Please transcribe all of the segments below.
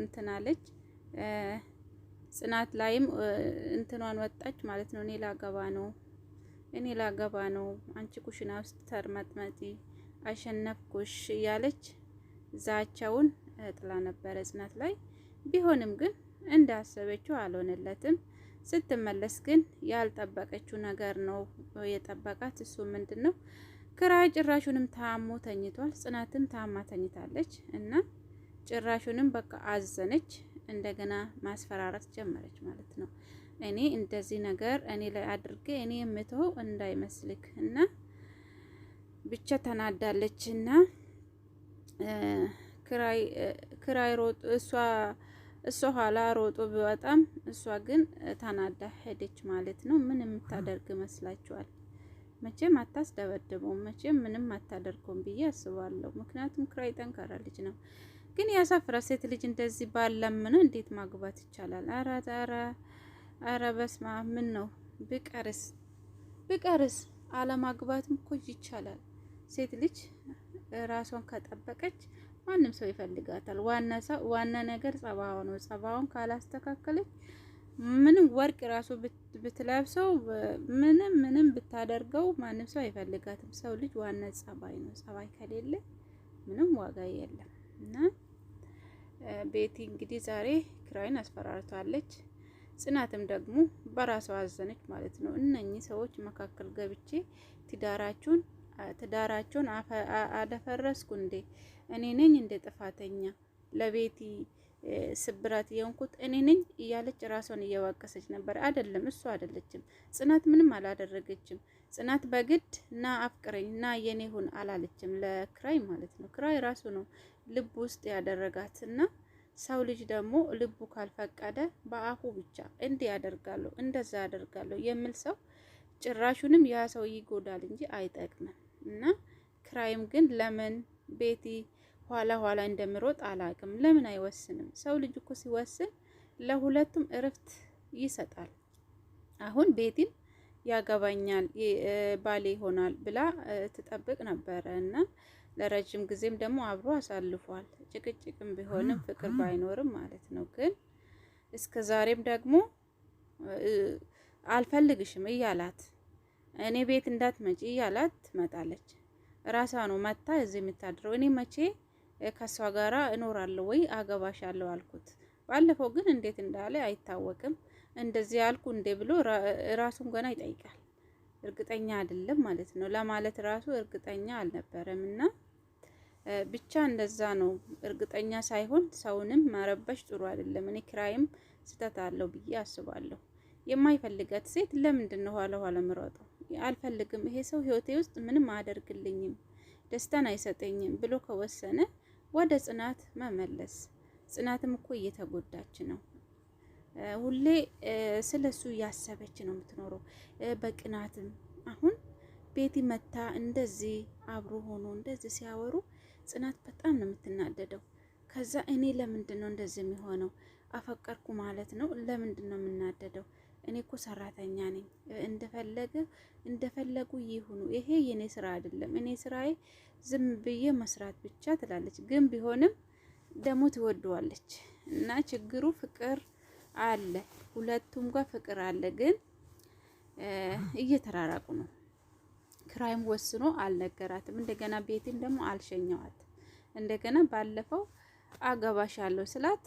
እንትን አለች። ጽናት ላይም እንትኗን ወጣች ማለት ነው። እኔ ላገባ ነው፣ እኔ ላገባ ነው፣ አንቺ ኩሽና ውስጥ ተርመጥመጪ፣ አሸነፍኩሽ እያለች ዛቻውን ጥላ ነበረ ጽናት ላይ። ቢሆንም ግን እንዳሰበችው አልሆነለትም። ስትመለስ ግን ያልጠበቀችው ነገር ነው የጠበቃት። እሱ ምንድን ነው ክራይ ጭራሹንም ታሞ ተኝቷል። ጽናትም ታማ ተኝታለች እና ጭራሹንም በቃ አዘነች። እንደገና ማስፈራራት ጀመረች ማለት ነው። እኔ እንደዚህ ነገር እኔ ላይ አድርጌ እኔ የምትሆው እንዳይመስልክ እና ብቻ ተናዳለች እና ክራይ ሮጦ እሷ እሷ ኋላ ሮጦ በጣም እሷ ግን ተናዳ ሄደች ማለት ነው። ምን የምታደርግ መስላችኋል? መቼም አታስደበድበውም፣ መቼም ምንም አታደርገውም ብዬ አስባለሁ። ምክንያቱም ክራይ ጠንካራ ልጅ ነው። ግን ያሳፍራ ሴት ልጅ እንደዚህ ባለምን እንዴት ማግባት ይቻላል? አረ አረ አረ በስማ ምን ነው ብቀርስ ብቀርስ አለማግባትም እኮ ይቻላል። ሴት ልጅ ራሷን ከጠበቀች ማንም ሰው ይፈልጋታል። ዋና ዋና ነገር ጸባዋ ነው። ጸባውን ካላስተካከለች ምንም ወርቅ ራሱ ብትለብሰው ምንም ምንም ብታደርገው ማንም ሰው አይፈልጋትም። ሰው ልጅ ዋና ጸባይ ነው። ጸባይ ከሌለ ምንም ዋጋ የለም። እና ቤቲ እንግዲህ ዛሬ ክራይን አስፈራርታለች። ጽናትም ደግሞ በራሷ አዘነች ማለት ነው። እነኚህ ሰዎች መካከል ገብቼ ትዳራቸውን ትዳራቸውን አደፈረስኩ እንዴ? እኔ ነኝ እንደ ጥፋተኛ ለቤቲ ስብራት የሆንኩት እኔ ነኝ እያለች ራሷን እየዋቀሰች ነበር። አይደለም እሱ አይደለችም። ጽናት ምንም አላደረገችም። ጽናት በግድ ና አፍቅረኝ ና የኔ ሁን አላለችም ለክራይ ማለት ነው። ክራይ ራሱ ነው ልብ ውስጥ ያደረጋትና ሰው ልጅ ደግሞ ልቡ ካልፈቀደ በአፉ ብቻ እንዲህ ያደርጋለሁ እንደዛ ያደርጋለሁ የሚል ሰው ጭራሹንም ያ ሰው ይጎዳል እንጂ አይጠቅምም። እና ክራይም ግን ለምን ቤቲ ኋላ ኋላ እንደምሮጥ አላቅም። ለምን አይወስንም? ሰው ልጅ እኮ ሲወስን ለሁለቱም እረፍት ይሰጣል። አሁን ቤቲም ያገባኛል ባሌ ይሆናል ብላ ትጠብቅ ነበረ እና ለረጅም ጊዜም ደግሞ አብሮ አሳልፏል። ጭቅጭቅም ቢሆንም ፍቅር ባይኖርም ማለት ነው። ግን እስከ ዛሬም ደግሞ አልፈልግሽም እያላት እኔ ቤት እንዳትመጪ እያላት ትመጣለች። ራሷ ነው መታ እዚህ የምታድረው። እኔ መቼ ከሷ ጋር እኖራለሁ ወይ አገባሽ አለው አልኩት። ባለፈው ግን እንዴት እንዳለ አይታወቅም። እንደዚህ አልኩ እንዴ ብሎ ራሱን ገና ይጠይቃል። እርግጠኛ አይደለም ማለት ነው። ለማለት ራሱ እርግጠኛ አልነበረም እና ብቻ እንደዛ ነው። እርግጠኛ ሳይሆን ሰውንም መረበሽ ጥሩ አይደለም። እኔ ክራይም ስህተት አለው ብዬ አስባለሁ። የማይፈልጋት ሴት ለምንድን ነው ኋላ ኋላ ምሮጠው? አልፈልግም፣ ይሄ ሰው ህይወቴ ውስጥ ምንም አያደርግልኝም፣ ደስታን አይሰጠኝም ብሎ ከወሰነ ወደ ጽናት መመለስ። ጽናትም እኮ እየተጎዳች ነው። ሁሌ ስለ እሱ እያሰበች ነው የምትኖረው። በቅናትም አሁን ቤቲ መታ እንደዚህ አብሮ ሆኖ እንደዚህ ሲያወሩ ጽናት በጣም ነው የምትናደደው። ከዛ እኔ ለምንድን ነው እንደዚህ የሚሆነው? አፈቀርኩ ማለት ነው። ለምንድን ነው የምናደደው? እኔ እኮ ሰራተኛ ነኝ። እንደፈለገ እንደፈለጉ ይሁኑ። ይሄ የእኔ ስራ አይደለም። እኔ ስራዬ ዝም ብዬ መስራት ብቻ ትላለች። ግን ቢሆንም ደግሞ ትወደዋለች እና ችግሩ ፍቅር አለ፣ ሁለቱም ጋር ፍቅር አለ። ግን እየተራራቁ ነው። ክራይም ወስኖ አልነገራትም። እንደገና ቤትን ደግሞ አልሸኘዋት። እንደገና ባለፈው ያለው ስላት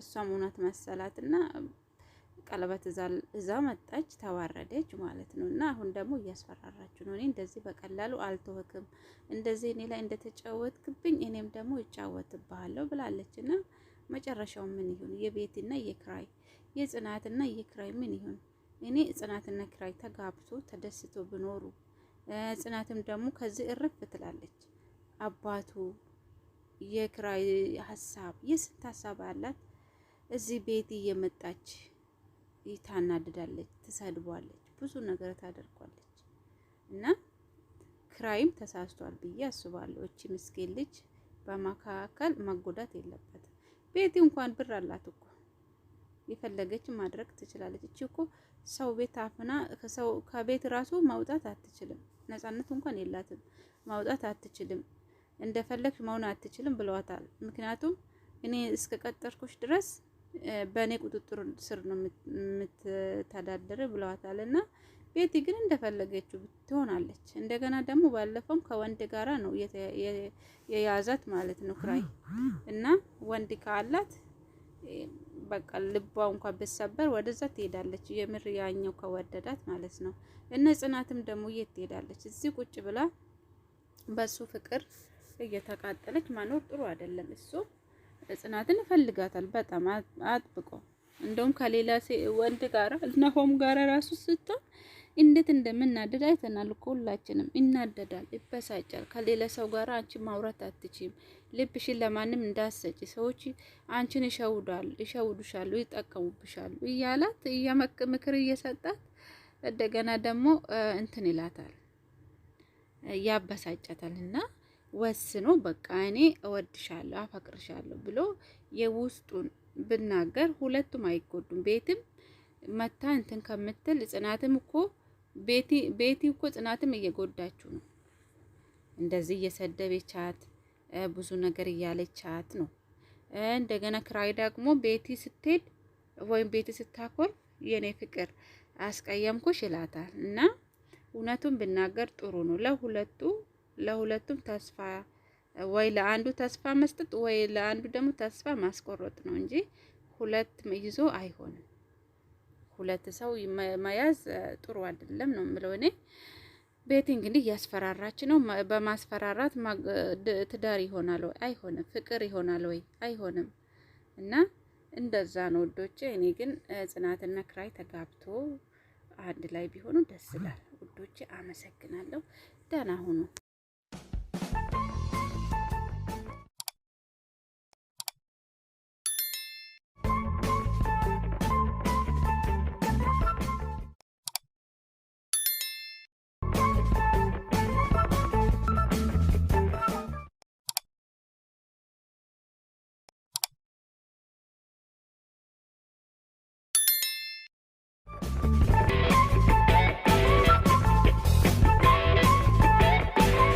እሷም እውነት መሰላት እና ቀለበት እዛ መጣች፣ ተዋረደች ማለት ነው። እና አሁን ደግሞ እያስፈራራችሁ ነው። እኔ እንደዚህ በቀላሉ አልተወክም፣ እንደዚህ እኔ ላይ እንደተጫወትክብኝ እኔም ደግሞ እጫወትብሃለሁ ብላለች። እና መጨረሻው ምን ይሁን የቤትና የክራይ የጽናትና የክራይ ምን ይሁን? እኔ ጽናትና ክራይ ተጋብቶ ተደስቶ ብኖሩ ጽናትም ደግሞ ከዚህ እርፍ ትላለች። አባቱ የክራይ ሀሳብ የስንት ሀሳብ አላት። እዚህ ቤት እየመጣች ታናድዳለች፣ ትሰድቧለች፣ ብዙ ነገር ታደርጓለች። እና ክራይም ተሳስቷል ብዬ አስባለሁ። እቺ ምስኪን ልጅ በመካከል መጎዳት የለበትም። ቤቲ እንኳን ብር አላት እኮ የፈለገች ማድረግ ትችላለች። እቺ እኮ ሰው ቤት አፍና ከሰው ከቤት ራሱ ማውጣት አትችልም። ነጻነት እንኳን የላትም። ማውጣት አትችልም። እንደፈለግሽ መሆን አትችልም ብለዋታል። ምክንያቱም እኔ እስከ ቀጠርኩሽ ድረስ በእኔ ቁጥጥር ስር ነው የምትተዳደር ብለዋታል። እና ቤቲ ግን እንደፈለገችው ትሆናለች። እንደገና ደግሞ ባለፈውም ከወንድ ጋራ ነው የያዛት ማለት ነው ክራይ እና ወንድ ካላት በቃ ልቧ እንኳ ብሰበር ወደዛ ትሄዳለች። የምር ያኛው ከወደዳት ማለት ነው። እነ ጽናትም ደግሞ የት ትሄዳለች? እዚህ ቁጭ ብላ በሱ ፍቅር እየተቃጠለች ማኖር ጥሩ አይደለም። እሱ ጽናትን ይፈልጋታል በጣም አጥብቆ እንደውም ከሌላ ወንድ ጋራ እና ጋራ ራሱ ስትሆን እንዴት እንደምናደድ አይተናል እኮ ሁላችንም። ይናደዳል፣ ይበሳጫል። ከሌላ ሰው ጋር አንቺ ማውራት አትችም። ልብሽን ለማንም እንዳሰጪ ሰዎች አንቺን ይሸውዳሉ፣ ይሸውዱሻሉ፣ ይጠቀሙብሻሉ እያላት ምክር እየሰጣት እንደገና ደግሞ እንትን ይላታል፣ ያበሳጫታልና ወስኖ በቃ እኔ እወድሻለሁ አፈቅርሻለሁ ብሎ የውስጡን ብናገር ሁለቱም አይጎዱም። ቤትም መታ እንትን ከምትል ጽናትም እኮ ቤቲ ቤቲ እኮ ጽናትም እየጎዳችሁ ነው። እንደዚህ እየሰደበቻት ብዙ ነገር እያለቻት ነው። እንደገና ክራይ ደግሞ ቤቲ ስትሄድ ወይም ቤቲ ስታኮር የኔ ፍቅር አስቀየምኩሽ ይላታል። እና እውነቱን ብናገር ጥሩ ነው ለሁለቱ ለሁለቱም ተስፋ ወይ ለአንዱ ተስፋ መስጠት ወይ ለአንዱ ደግሞ ተስፋ ማስቆረጥ ነው እንጂ ሁለት ይዞ አይሆንም። ሁለት ሰው መያዝ ጥሩ አይደለም ነው የምለው እኔ። ቤቲ እንግዲህ እያስፈራራች ነው። በማስፈራራት ትዳር ይሆናል ወይ አይሆንም፣ ፍቅር ይሆናል ወይ አይሆንም። እና እንደዛ ነው ውዶቼ። እኔ ግን ጽናትና ክራይ ተጋብቶ አንድ ላይ ቢሆኑ ደስ ይላል ውዶቼ። አመሰግናለሁ። ደህና ሁኑ።